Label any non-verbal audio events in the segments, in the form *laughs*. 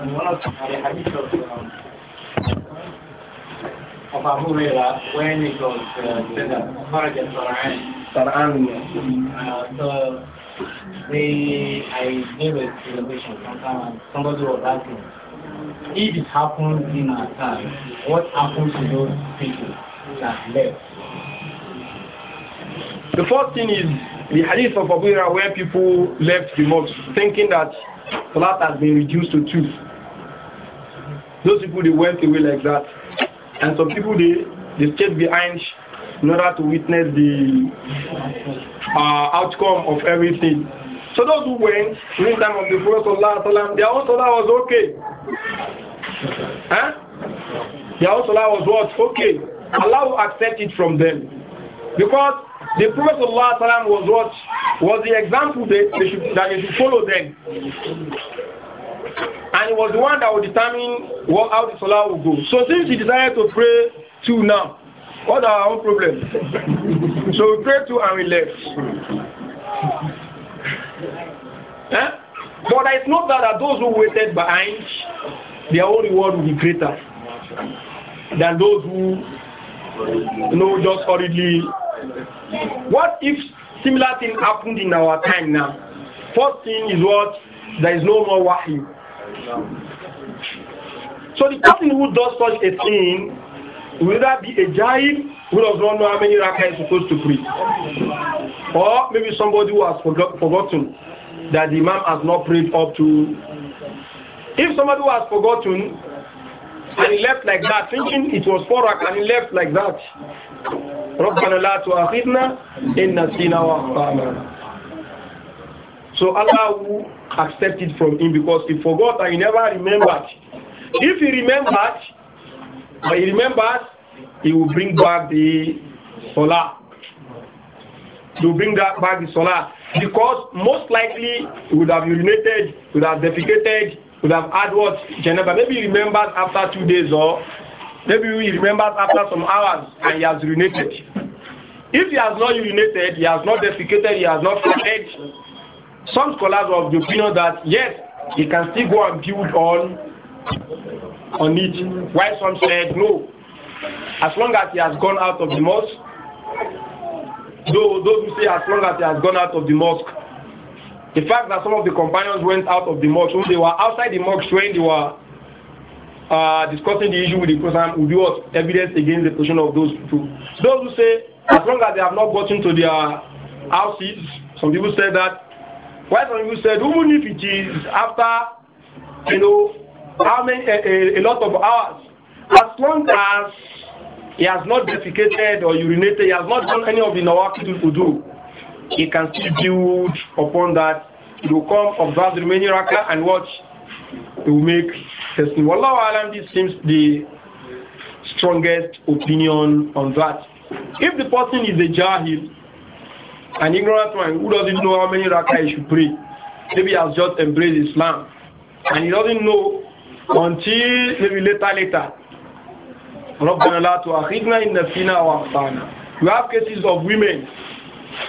and one of the hadith of, um, of Abu when he goes al So they, I gave a celebration sometime somebody was asking, if it happens in our time, what happens to those people that left? The first thing is the hadith of Abu Hurairah where people left the mosque thinking that Salat has been reduced to two. Those people they went away like that. And some people they, they stayed behind in order to witness the uh, outcome of everything. So those who went during time of the Prophet their own Salah was okay. Huh? Their own Salah was what? Okay. Allah will accept it from them. Because the Prophet Allah was what was the example they should, that they should follow them. And it was the one that would determine what, how the Salah would go. So since he decided to pray two now, what are our own problems? so we pray two and we left. eh? But it's not that, that those who waited behind, their own reward will be greater than those who you know, just hurriedly what if similar thing happened in our time now? First thing is what? There is no more wahi. So the person who does such a thing will that be a giant who does not know how many rakah is supposed to pray? Or maybe somebody who has forgot, forgotten that the imam has not prayed up to. If somebody who has forgotten and he left like that, thinking it was four rakah and he left like that, ربنا لا تؤاخذنا إن نسينا وأخطأنا So Allah accepted from him because he forgot and he never remembered. If he remembered, but he remembers, he will bring back the solar. He will bring that back the solar because most likely he would have urinated, would have defecated, would have had what? Maybe he remembers after two days or Maybe he remembers after some hours and he has urinated. If he has not urinated, he has not defecated, he has not flushed. Some scholars of the opinion that yes, he can still go and build on on it. While some said no. As long as he has gone out of the mosque, though those who say as long as he has gone out of the mosque, the fact that some of the companions went out of the mosque, when they were outside the mosque when they were uh, discussing the issue with the person will be what evidence against the position of those people. Those who say as long as they have not gotten to their houses, some people said that. Why some people said even if it is after you know how many a, a, a lot of hours, as long as he has not defecated or urinated, he has not done any of the nawaki to do, he can still build upon that. He will come, observe the remaining raka and watch it will make testing. Wallahu alam, this seems the strongest opinion on that. If the person is a jahil, an ignorant man who doesn't know how many rakah he should pray, maybe he has just embraced Islam, and he doesn't know until maybe later, later. ربنا لا تؤاخذنا إن نسينا You have cases of women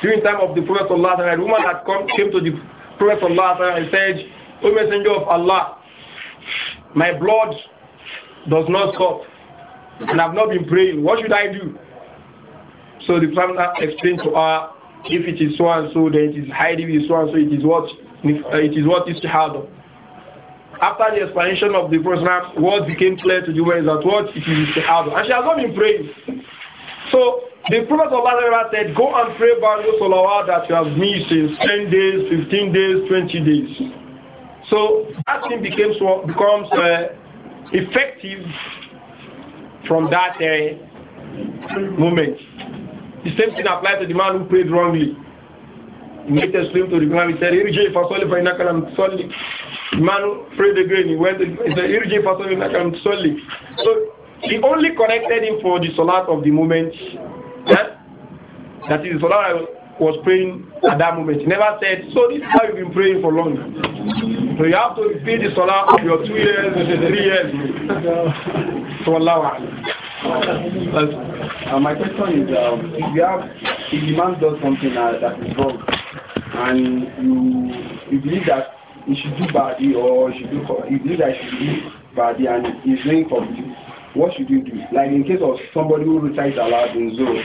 during time of the Prophet Allah, a woman that come, came to the Prophet Allah and said, O Messenger of Allah, my blood does not stop. And I've not been praying. What should I do? So the Prophet explained to her, if it is so and so, then it is hiding with so and so, it is what it is what is hard. After the explanation of the Prophet, what became clear to the woman is that what it is hard. And she has not been praying. So the Prophet of Allah said, Go and pray about your salawat that you have missed in 10 days, 15 days, 20 days. So that thing becomes uh, effective from that uh, moment. The same thing applies to the man who prayed wrongly. He made a stream to the ground. He said, "Irije fasoli fainakalam soli." The man who prayed again. He went. He said, "Irije fasoli fainakalam soli." So he only corrected him for the salat of the moment. that That is the salat I was praying at that moment. He never said, so this is how you've been praying for long. So you have to repeat the salah of your two years three years. so Allah uh, My question is, uh, if you have, if the man does something uh, that is wrong, and you, you believe that he should do badi or should do, you believe that he should do badi and he's doing for you, what should you do? Like in case of somebody who recites Allah in Zoro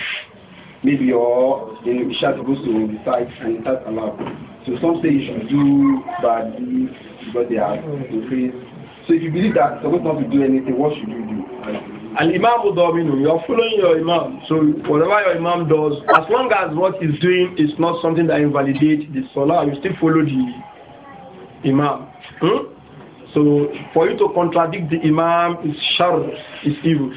maybe your in know, Isha supposed to site and recite allowed. So some say you should do badly because they are increased. So if you believe that you're not to do anything, what should you do? And Imam will domino. You are following your Imam. So whatever your Imam does, as long as what he's doing is not something that invalidates the Salah, you still follow the Imam. Hmm? So for you to contradict the Imam is sharp, is evil.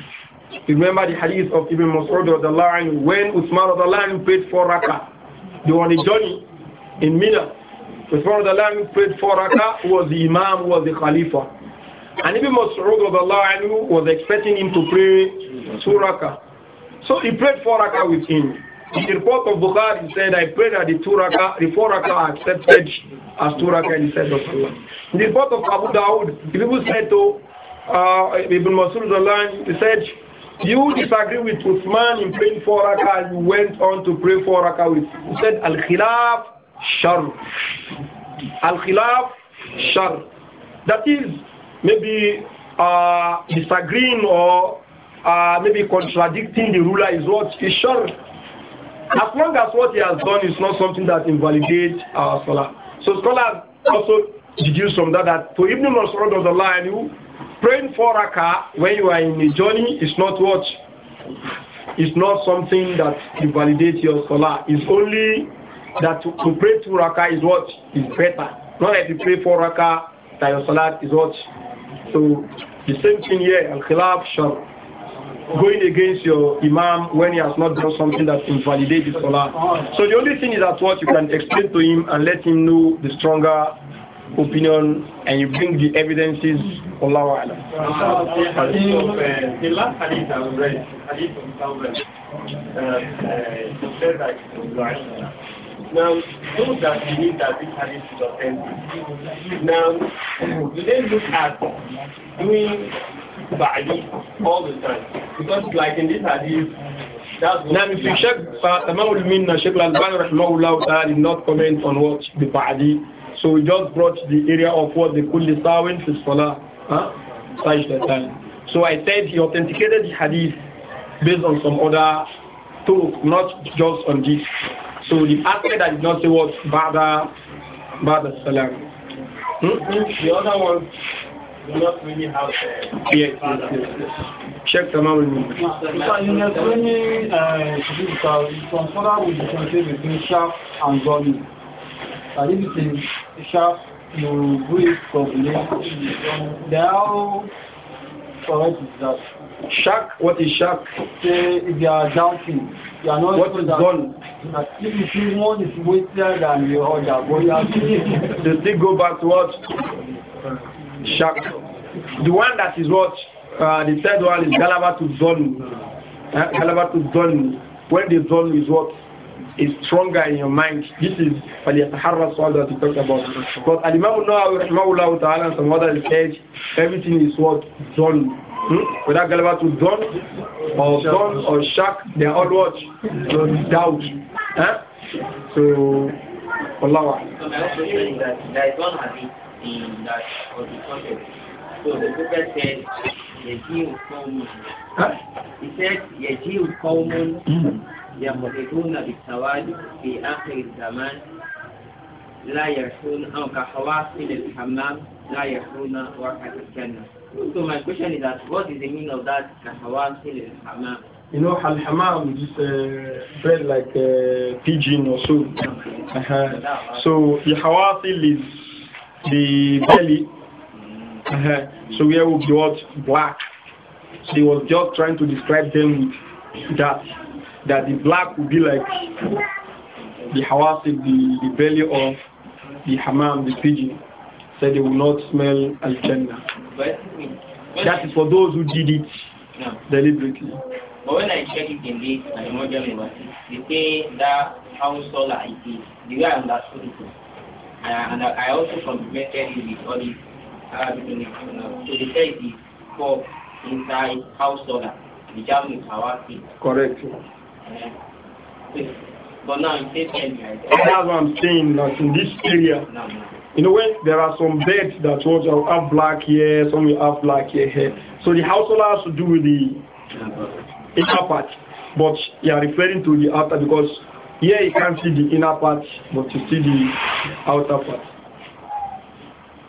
Remember the hadith of Ibn Mas'ud of the line when Uthman line prayed four rakah. They were on a journey in Mina. Uthman anhu prayed four rakah, who was the Imam, who was the Khalifa. And Ibn Mas'ud of the line was expecting him to pray two rakah. So he prayed four rakah with him. In the report of Bukhari, he said, I prayed that the two the four rakah are accepted as two rakah in the sight of Allah. In the report of Abu Dawud, the people said to uh, Ibn Mas'ud he said, you disagree with Uthman in praying for rakah, you went on to pray for rakah with. You said, Al Khilaf Shar. Al Khilaf Shar. That is maybe uh, disagreeing or uh, maybe contradicting the ruler is what is Shar. As long as what he has done is not something that invalidates our uh, scholar. So scholars also deduce from that that to Ibn Masrud of the line, praying for rakah when you are in a journey is not what is not something that invalidates your salah. It's only that to, to pray two raka is what is better. Not that you pray four raka, that your salah is what. So the same thing here, al khilaf shall going against your imam when he has not done something that invalidates his salah. So the only thing is that what you can explain to him and let him know the stronger opinion and you bring the evidences Allah wa The last hadith I read, hadith from said uh, uh, that now, those that believe that this hadith is authentic, now, do they look at doing ba'adi all the time? Because like in this hadith, now, if you check, فَتَمَوْلْ مِنَّا شَيْخ الْأَلْبَانِ رَحْمَهُ اللَّهُ تعالى did not comment on what the Ba'adi so we just brought the area of what they call the Sawin fi Salah, huh? time. So I said he authenticated the hadith based on some other talk, not just on this. So the aspect that did not say what Bada, Bada Salam. Hmm? The other one not really have a yes, yes, yes, Check uh, the uh, out with me. In the training, uh, from between sharp and volume. And if it is sharp, you will do it Now, correct that. Shark, what is shark? if you are doubting, you are not. What is If you one is weightier than the other, but you are. *laughs* go back to what? Shark. The one that is what? Uh, the third one is Galaba to Zon. Uh, Galaba to Zon. When the Zon is what? is stronger in your mind. This is Faliyataharra Swal that we talked about. But Al Imam Nawawi Ta'ala and some others said everything is what? Done. Hmm? Whether Galaba to done or done or shark, they are all what? Doubt. Huh? So, Allah. So, there is one hadith in that or the context. So the prophet said, Yajil Qawmun. Huh? He said, Yajil Qawmun. Hmm. يمرضون بالتوالي في آخر الزمان لا يرثون أو كحواصل الحمام لا الجنة So my question is that what is the meaning of that كحواصل الحمام You know, al-hamam is uh, bird like a uh, pigeon or so. Uh -huh. So, the hawasil is the belly. Uh -huh. So, we have got Black. So, he was just trying to describe them with that that the black would be like the hawasib, the, the belly of the hamam, the pigeon. Said so they will not smell al jannah. That is for those who did it no. deliberately. But when I check it in this my modern university, they say that how solar it is. The way I understood Uh, and I, also complemented it with all these Arabic uh, So they say it is for inside how solar. Correct. Eh. but now it That's what I'm saying, that in this area. in a way, there are some beds that also have black hair, some will have black hair. So the household has to do with the inner part. But you are referring to the outer because here you can't see the inner part, but you see the outer part.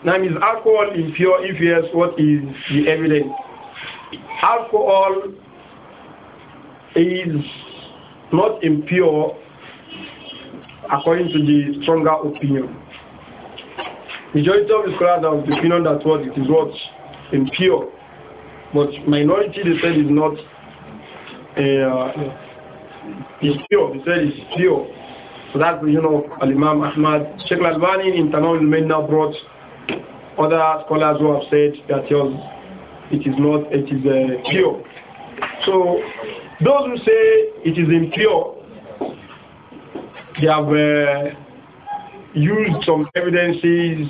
Now, is alcohol impure? If yes, what is the evidence? Alcohol is not impure according to the stronger opinion. Majority of the scholars have the opinion that what it is what impure, but minority they said is not uh, is pure. They said it's pure. So that's the you know Al Imam Ahmad Sheikh Al-Albani in Tamam al-Minna brought other scholars who have said that it is not it is uh, pure. So those who say it is impure, they have uh, used some evidences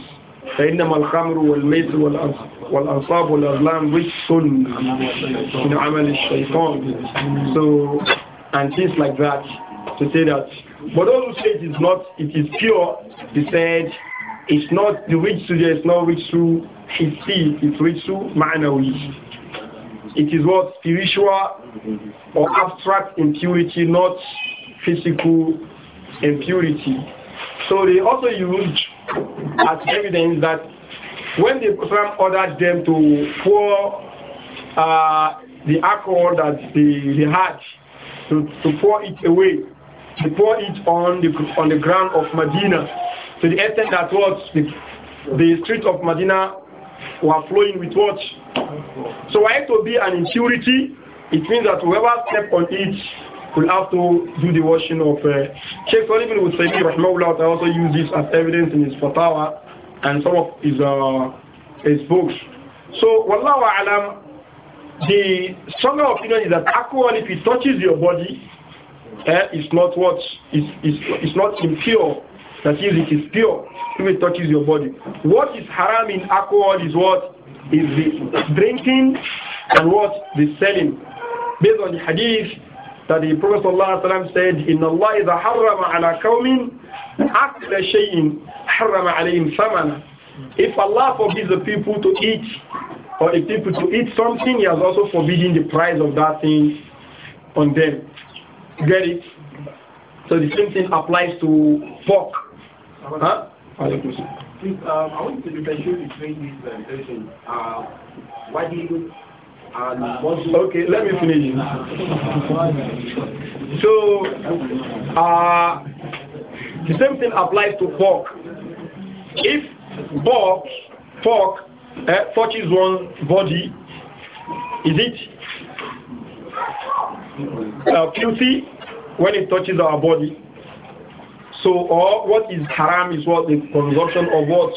فإنما الخمر والميسر والأنصاب والأظلام رجس من عمل الشيطان so and things like that to say that but those who say it is not it is pure they said it's not the rich there is not rich through his seed it's rich through ma'nawi it is what spiritual or abstract impurity, not physical impurity. So they also used as evidence that when the Prophet ordered them to pour uh, the alcohol that they, they had, to, to pour it away, to pour it on the on the ground of Medina, to the extent that was the, the street of Medina flowing with what? So for it to be an impurity, it means that whoever step on it will have to do the washing of uh, Sheikh Salih bin Husaymi I also use this as evidence in his fatwa and some of his, uh, his books. So wallahu alam, the stronger opinion is that alcohol if it touches your body, uh, eh, it's not what is is it's not impure that is, it is pure if it touches your body. What is haram in alcohol is what? Is the drinking and what? The selling. Based on the hadith that the Prophet ﷺ said, In Allah إِذَا حَرَّمَ ala قَوْمٍ أَكْلَ shayin, حَرَّمَ alayhim ثَمَنًا If Allah forbids the people to eat or the people to eat something, He has also forbidden the price of that thing on them. Get it? So the same thing applies to pork. Huh? Please, um, I want to between this why do you Okay, let me finish. so, uh, the same thing applies to pork. If pork, pork, uh, touches one body, is it uh, filthy when it touches our body? So, or what is haram is what the consumption of what?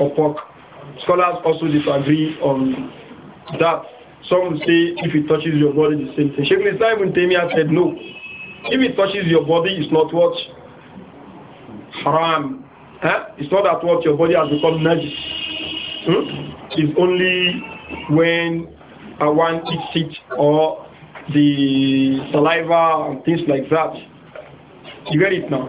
Of pork. Scholars also disagree on that. Some say if it touches your body, the same thing. Sheikh Islam Ibn Taymiyyah said no. If it touches your body, it's not what? Haram. Huh? It's not that what your body has become najis. Hmm? It's only when a one eats it or the saliva and things like that you get it now?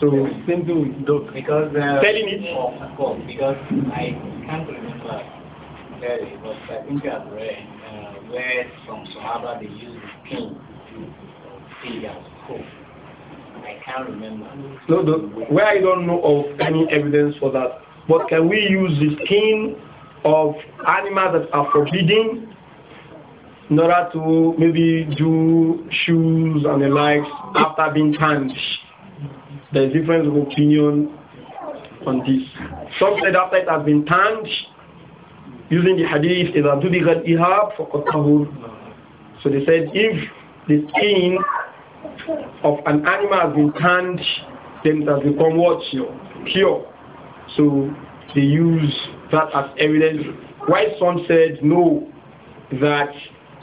So same thing with because uh, telling it. Of course, because I can't remember very, but I think I've read uh, where from Sahaba they use the king to see as hope. I can't remember. No, the, where I don't know of any evidence for that. But can we use the skin of animals that are forbidden in order to maybe do shoes and the likes after being tanned. There is difference of opinion on this. Some said after it has been tanned, using the hadith, إِذَا دُبِغَ الْإِهَابْ for طَهُرْ So they said if the skin of an animal has been tanned, then it has become what? Pure. So they use that as evidence. Why some said no, that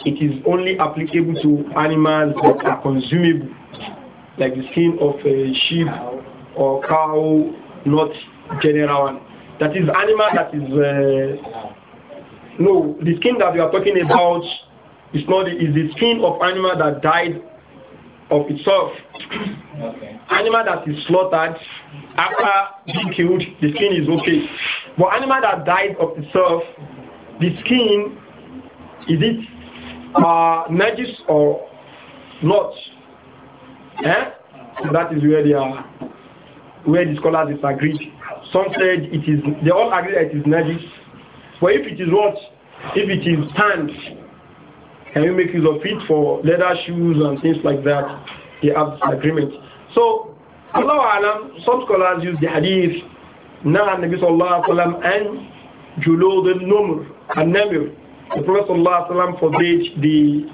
it is only applicable to animals that are consumable, like the skin of a sheep or cow, not general one. That is animal that is uh, no the skin that we are talking about is not the, is the skin of animal that died of itself. Okay. Animal that is slaughtered after being killed, the skin is okay. But animal that died of itself, the skin is it are najis or not. Eh? So that is where they are, where the scholars disagree. Some said it is, they all agree that it is najis. But if it is what? If it is tanned, can you make use of it for leather shoes and things like that? They have disagreement. So, Allah Alam, some scholars use the hadith, Nahan Nabi Sallallahu Alaihi Wasallam and Julud al-Numr, al-Namir, the Prophet ﷺ forbade the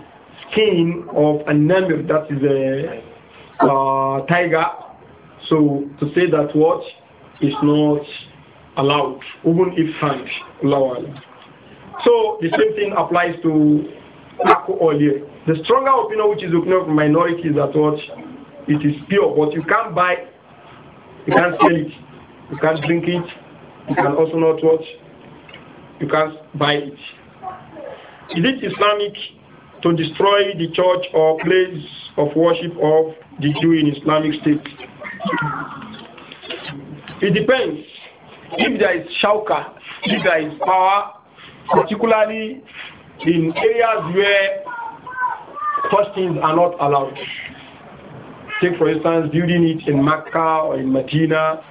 skin of a namir, that is a uh, tiger. So to say that what is not allowed, even if lower. So the same thing applies to alcohol here. The stronger opinion, which is the opinion of minority, is that what it is pure, but you can't buy, you can't sell it, you can't drink it, you can also not watch, you can't buy it. Is it Islamic to destroy the church or place of worship of the Jew in Islamic State? It depends. If there is shauka, if there is power, particularly in areas where such things are not allowed. Take, for instance, building it in Mecca or in Medina.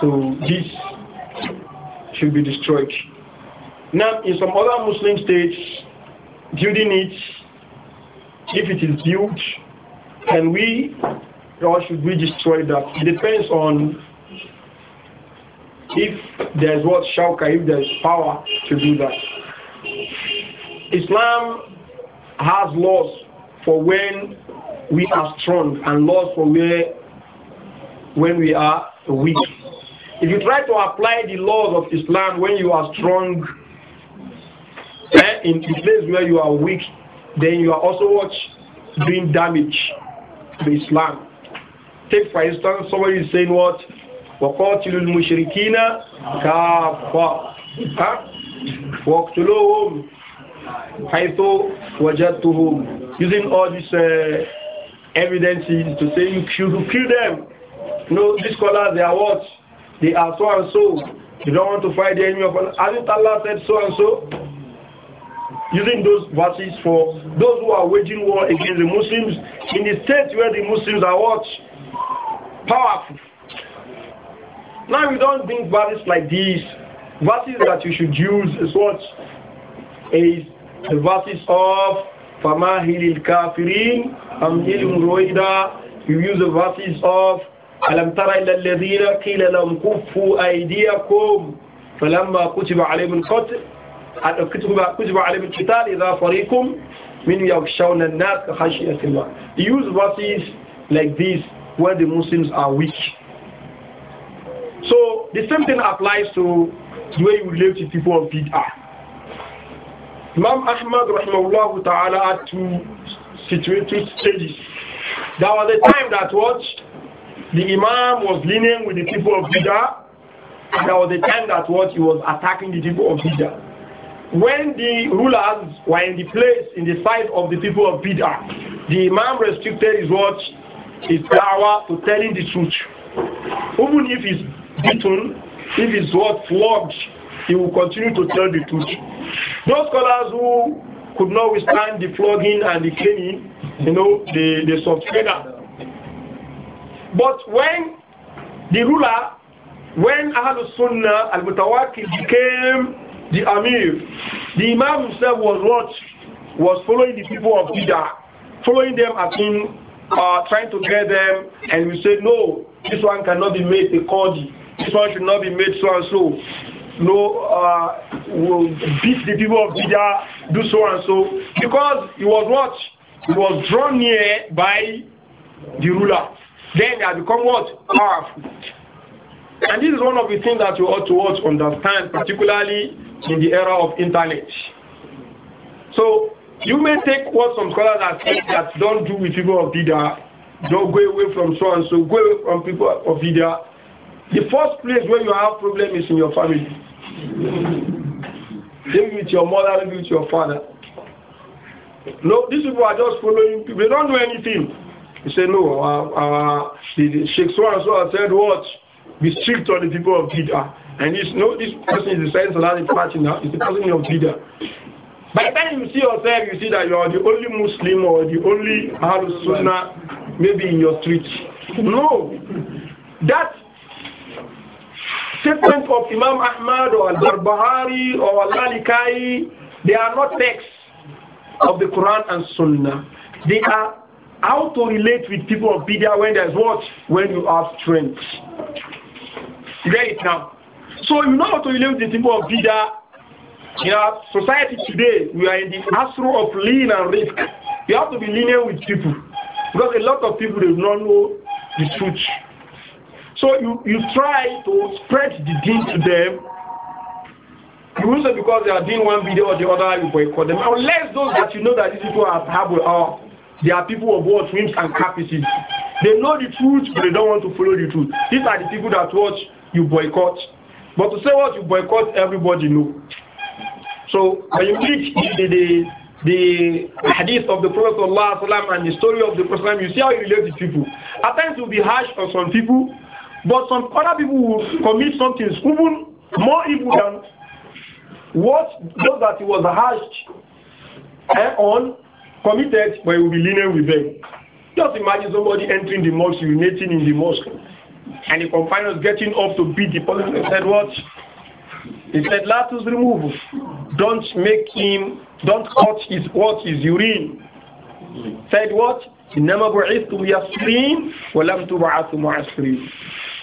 So this should be destroyed. Now, in some other Muslim states, building it, if it is built, can we or should we destroy that? It depends on if there's what shauka, if there's power to do that. Islam has laws for when we are strong and laws for where when we are weak. If you try to apply the laws of Islam when you are strong, Eh, in the place where you are weak, then you are also what? Doing damage to Islam. Take for instance, somebody is saying what? وَقَاتِلُ الْمُشْرِكِينَ كَافَّةً وَاقْتُلُوهُمْ حَيْثُ وَجَدْتُهُمْ Using all these uh, evidences to say you should kill them. You know, these scholars, they are what? They are so and so. You don't want to fight the enemy of Allah. Hasn't Allah said so and so? using those verses for those who are waging war against the Muslims in the states where the Muslims are what? Powerful. Now we don't think verses like these. Verses that you should use is what? Is the verses of فَمَاهِلِ الْكَافِرِينَ أَمْهِلُمْ رُوَيْدَا You use the verses of أَلَمْ تَرَ إِلَى الَّذِينَ قِيلَ لَمْ كُفُّوا أَيْدِيَكُمْ فَلَمَّا كُتِبَ عَلَيْهِمُ الْقَتْلِ كتب عليهم القتال إذا فريق من يخشون الناس كخشية الله He used verses like this where the Muslims are weak. So the same thing applies to the way we relate to people of bid'ah. Imam Ahmad rahimahullah ta'ala had two situated stages. There was a time that what the Imam was leaning with the people of bid'ah and there was a time that what he was attacking the people of bid'ah when the rulers were in the place, in the sight of the people of Bida, the Imam restricted his words, His power to telling the truth. Even if he's beaten, if he's what? Flogged, he will continue to tell the truth. Those scholars who could not withstand the flogging and the caning, you know, they, they subscribe. But when the ruler, when Ahlul Sunnah al Mutawakil became the Amir, the Imam himself was what was following the people of Bidah, following them as in uh, trying to get them, and we said no, this one cannot be made a this one should not be made so and so. No, uh, will beat the people of Bidah, do so and so, because he was what he was drawn near by the ruler. Then they have become what powerful. And this is one of the things that you ought to understand, particularly in the era of internet. So you may take what some scholars have said that don't do with people of Bida, don't go away from so and so, go away from people of Bida. The first place where you have problem is in your family. maybe with your mother, maybe with your father. No, these people are just following people. They don't do anything. You say no, uh, uh, the, the Sheikh so and so said, watch, be strict on the people of Bida. And you know this person is the sense of that party now, it's the person of leader. By the time you see yourself, you see that you are the only Muslim or the only Ahlul Sunnah maybe in your street. No. That statement of Imam Ahmad or Al-Barbahari or Al-Alikai, they are not texts of the Quran and Sunnah. They are how to relate with people of Bidia when there's what? When you have strength. Get it now. So you know how to relate the symbol of Bida. You know, society today, we are in the astro of lean and risk. You have to be linear with people. Because a lot of people, they do not know the truth. So you, you try to spread the deen to them. You will say because they are doing one video or the other, you boycott them. Unless those that you know that these people are have are they are people of what whims and caprices. They know the truth, but they don't want to follow the truth. These are the people that watch you boycott. But to say what you boycott, everybody know. So when you read the, the, the hadith of the Prophet ﷺ and the story of the Prophet, you see how he relates to people. At times it will be harsh on some people, but some other people will commit something even more evil than what those that he was harsh eh, on committed, but he will be lenient with them. Just imagine somebody entering the mosque, urinating in the mosque. And the companion was getting up to beat the policeman. He said, What? He said, Latus remove. Don't make him, don't cut his what is urine. Said what? إنما بعثت يسرين to تبعث معسرين.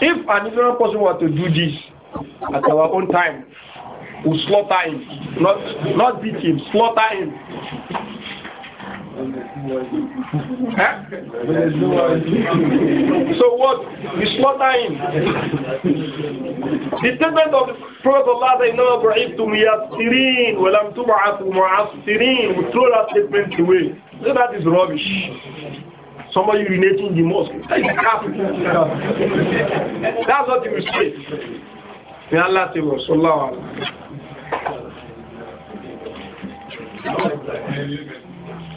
If an ignorant person were to do this at our own time, we we'll slaughter him, not not beat him, slaughter him so what? You slaughter him. the statement of Prophet Allah that now to muyassirin wa lam tub'athu mu'assirin we throw that statement away. So that is rubbish. Somebody urinating in the mosque. That is kafir. That's what you say. May Allah save us. Allah.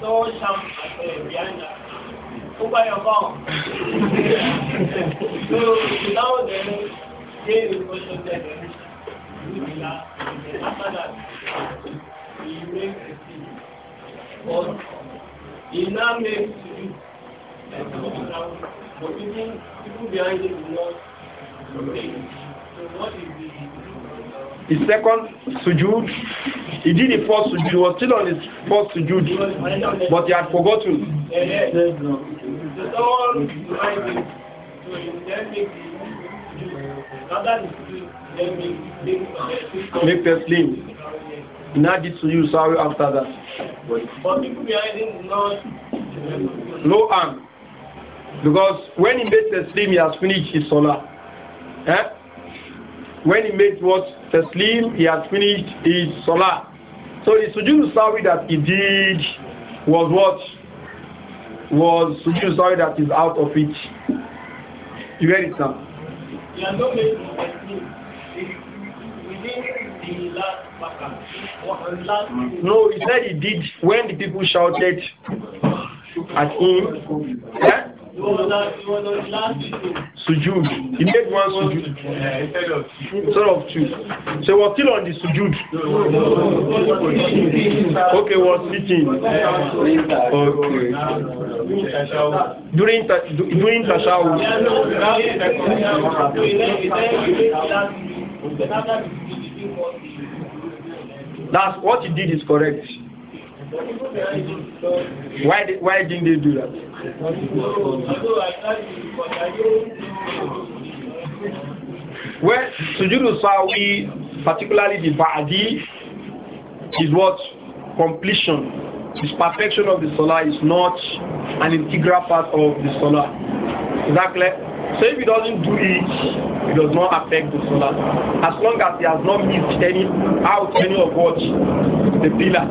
dorsam Rihanna. Who buy your bomb? so now they will go to the After that, he makes a seed. But he now makes seed. But people, people behind do So what is the his second sujood, he did the first sujood, he was still on his first sujood, but he had forgotten. Make the slim. Now did to you sorry after that. No arm, Because when he makes the slim, he has finished his salah. Eh? when he made what Taslim, he had finished his Salah. So the Sujood Sawi that he did was what? Was Sujood Sawi that is out of it. You heard it now? No, he said he did when the people shouted at him. Sujud. He made one sujud. Sort of two. So we're still on the sujud. Okay, we're sitting. Okay. During during tashawu. That's what he did is correct. Why did, why didn't they do that? Well, sujood sawi, particularly the ba'di, is what completion, is perfection of the salah is not an integral part of the salah. Exactly. So if he doesn't do it, it does not affect the salah. As long as he has not missed any out any of what the pillar.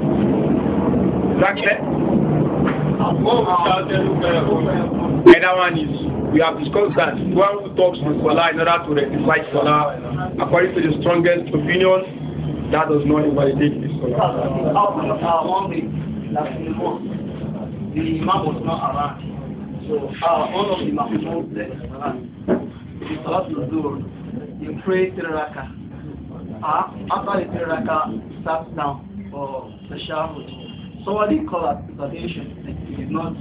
Exactly. Another one is, we have discussed that one who talks with Salah in order to rectify Salah, according to the strongest opinion, that does not invalidate this Salah the imam was not around. So uh, one of the Mahmoud was there, He thought to do he prayed three raka. Uh, after the three raka sat down for the shahud. somebody call at consultation and he did not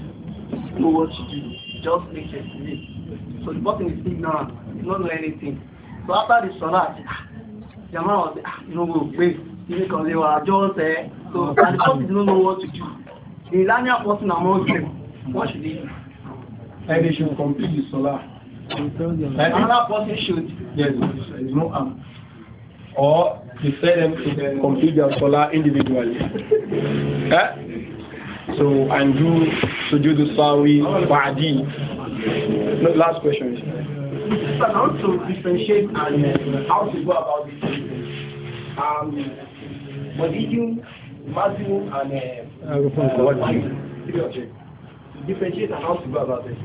know what to do, just make a sleep. So the person is ignorant, he not know anything. So after the salat, the ah, man was ah, you know, wait, because they were just there. Eh, so oh. and the person did not know what to do. The Iranian person among them, what should he do? And they should complete the salah. Another person should. Yes, there is no harm. or you send them to complete their salah individually. *laughs* eh? So, and do do sujood sawi ba'di. No, last question. So I want to differentiate and uh, how to go about this. Um, Modidium, Mazium, and uh, uh, differentiate and how to go about this.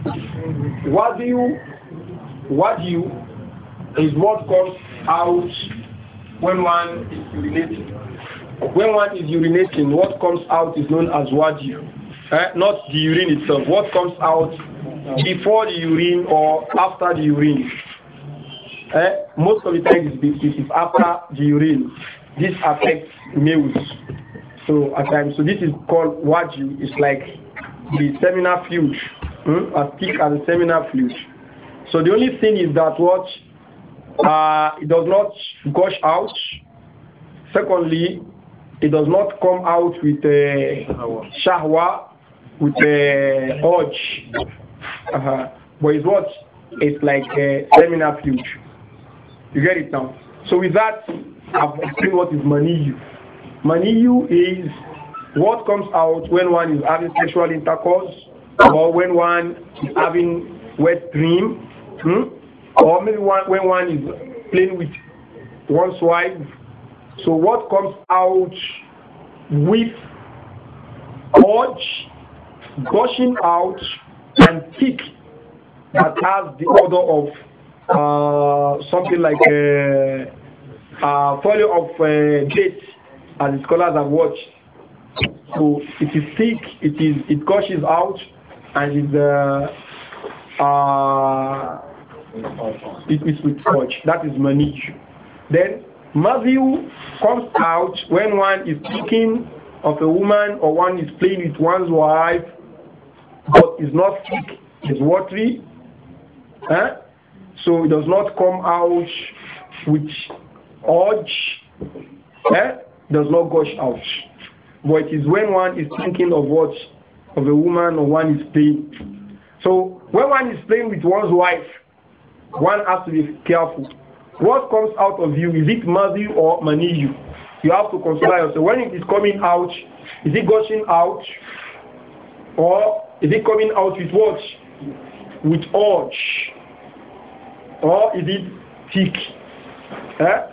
What do is what comes out when one is urinating. When one is urinating, what comes out is known as wadi, eh? not the urine itself. What comes out before the urine or after the urine. Eh? Most of the time it is after the urine. This affects males. So at times, so this is called wadi. It's like the seminal fluid, hmm? as thick as the seminal fluid. So the only thing is that what uh, it does not gush out. Secondly, it does not come out with uh, a shahwa, with a uh, urge. Uh -huh. But it's what? It's like a uh, seminar fluid. You get it now? So with that, I've explained what is maniyu. Maniyu is what comes out when one is having sexual intercourse or when one is having wet dream. Hmm? Or maybe one, when one is playing with one's wife. So what comes out with urge, gushing out, and kick that has the order of uh, something like a, uh, a uh, folio of a uh, date, as the scholars have watched. So it is thick, it is it gushes out, and is uh, uh, it is with touch. That is manichu. Then Matthew comes out when one is speaking of a woman or one is playing with one's wife, but is not sick, is watery. Eh? So it does not come out with urge. Eh? Does not gush out. But it is when one is thinking of what of a woman or one is playing. So when one is playing with one's wife, one has to be careful. What comes out of you, is it mazi or maniyu? You have to consider yourself. When it is coming out, is it gushing out? Or is it coming out with what? With urge. Or is it thick? Eh?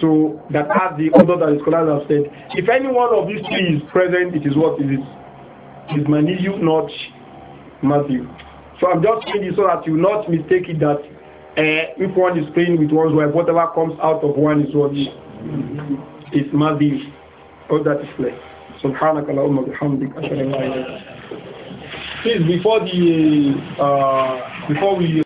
So that as the order that the scholars have said, if any one of these three is present, it is what is it? Is maniyu not Matthew? So I'm just saying this so that you not mistake it that uh, if one is playing with one's wife, whatever comes out of one is what is madhi. Oh, that is clear. Subhanaka Allahumma وبحمدك Please, before the uh, before we